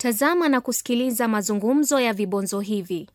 Tazama na kusikiliza mazungumzo ya vibonzo hivi.